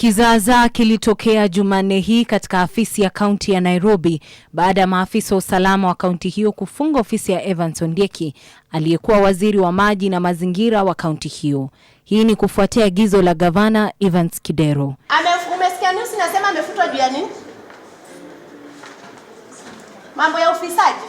Kizaazaa kilitokea Jumanne hii katika afisi ya kaunti ya Nairobi baada ya maafisa wa usalama wa kaunti hiyo kufunga ofisi ya Evans Ondieki aliyekuwa waziri wa maji na mazingira wa kaunti hiyo. Hii ni kufuatia agizo la gavana Evans Kidero. Umesikia news inasema amefutwa juu ya nini? Mambo ya ufisadi.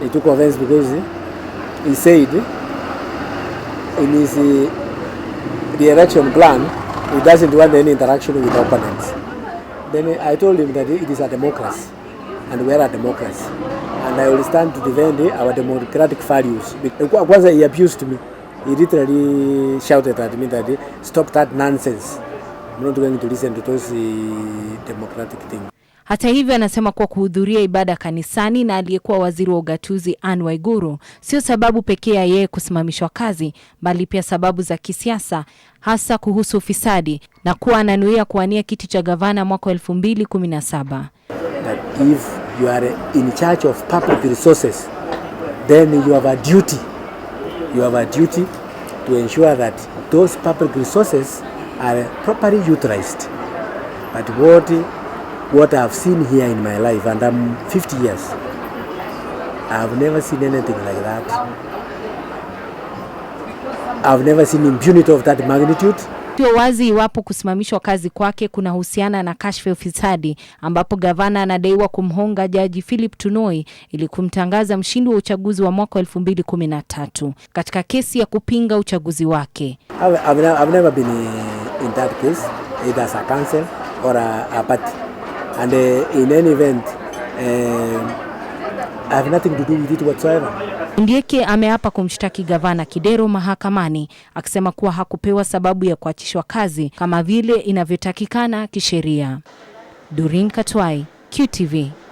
he took offense because he said in his uh, the election plan he doesn't want any interaction with opponents. Then I told him that it is a democracy and we are a democracy and I will stand to defend our democratic values. Kwanza he abused me. He literally shouted at me that stop that nonsense. I'm not going to listen to those uh, democratic things. Hata hivyo, anasema kuwa kuhudhuria ibada kanisani na aliyekuwa waziri wa ugatuzi Anne Waiguru sio sababu pekee ya yeye kusimamishwa kazi, bali pia sababu za kisiasa, hasa kuhusu ufisadi na kuwa ananuia kuwania kiti cha gavana mwaka 2017. But what what I've seen here in my life, and I'm 50 years. I've never seen anything like that. I've never seen impunity of that magnitude. Sio wazi iwapo kusimamishwa kazi kwake kunahusiana na kashfa ya ufisadi ambapo gavana anadaiwa kumhonga Jaji Philip Tunoi ili kumtangaza mshindi wa uchaguzi wa mwaka 2013 katika kesi ya kupinga uchaguzi wake. I've, I've never been in that case, either as a counsel or a, a party and uh, in any event uh, I have nothing to do with it whatsoever. Ndieke ameapa kumshtaki gavana Kidero mahakamani akisema kuwa hakupewa sababu ya kuachishwa kazi kama vile inavyotakikana kisheria. Durin Katwai, QTV.